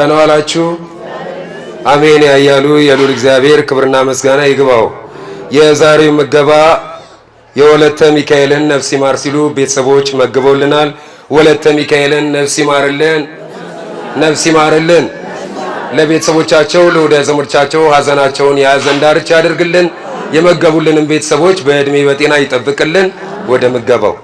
ደህና ዋላችሁ። አሜን ያያሉ የሉል እግዚአብሔር ክብርና መስጋና ይግባው። የዛሬው ምገባ የወለተ ሚካኤልን ነፍስ ይማር ሲሉ ቤተሰቦች መግበውልናል። ወለተ ሚካኤልን ነፍስ ይማርልን፣ ነፍስ ይማርልን። ለቤተሰቦቻቸው ለወዳጅ ዘመዶቻቸው ሀዘናቸውን የያዘን ዳርቻ ያደርግልን። የመገቡልንም ቤተሰቦች በእድሜ በጤና ይጠብቅልን። ወደ ምገባው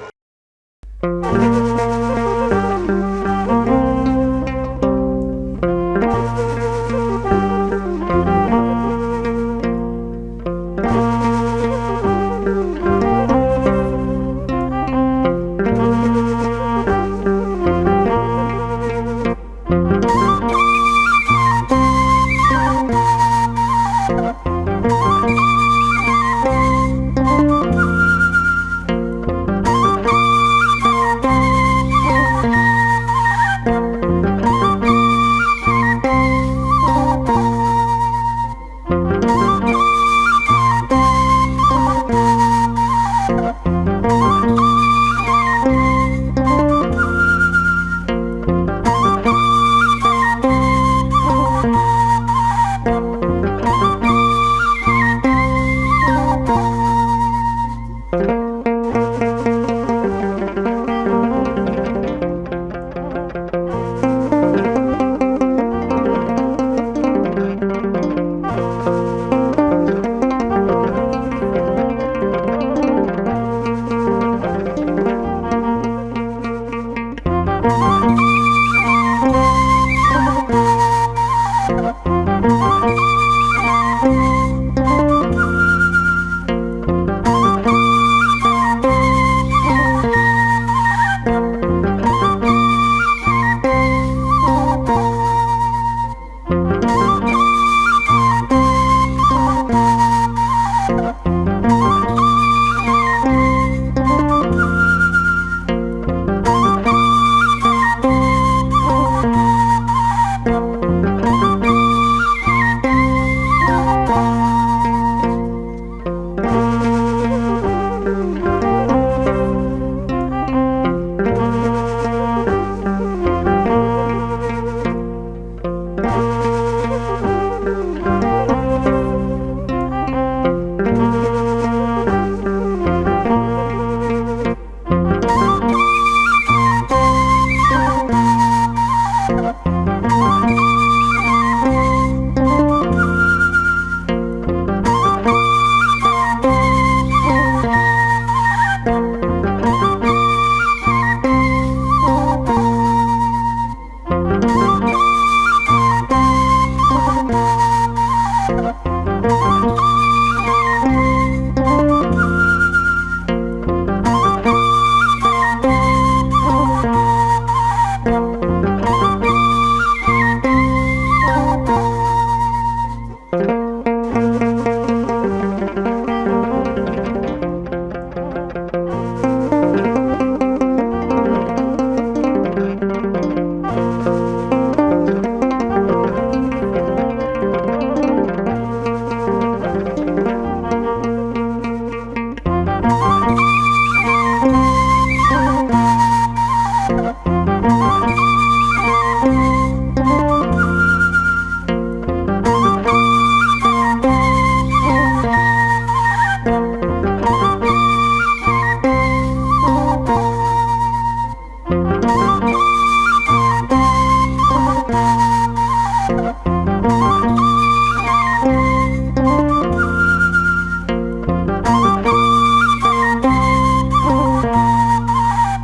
Bye.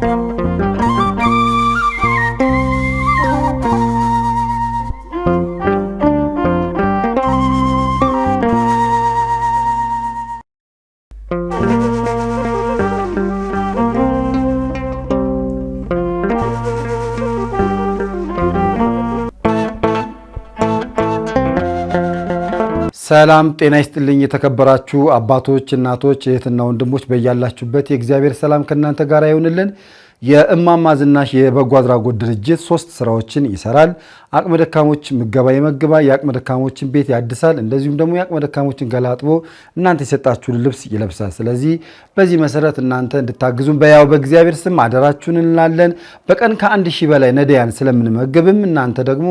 Thank you. ሰላም ጤና ይስጥልኝ። የተከበራችሁ አባቶች፣ እናቶች፣ እህትና ወንድሞች በያላችሁበት የእግዚአብሔር ሰላም ከእናንተ ጋር ይሆንልን። የእማማ ዝናሽ የበጎ አድራጎት ድርጅት ሶስት ስራዎችን ይሰራል። አቅመ ደካሞች ምገባ ይመግባል፣ የአቅመ ደካሞችን ቤት ያድሳል፣ እንደዚሁም ደግሞ የአቅመ ደካሞችን ገላጥቦ እናንተ የሰጣችሁን ልብስ ይለብሳል። ስለዚህ በዚህ መሰረት እናንተ እንድታግዙም በያው በእግዚአብሔር ስም አደራችሁን እንላለን። በቀን ከአንድ ሺህ በላይ ነዳያን ስለምንመገብም እናንተ ደግሞ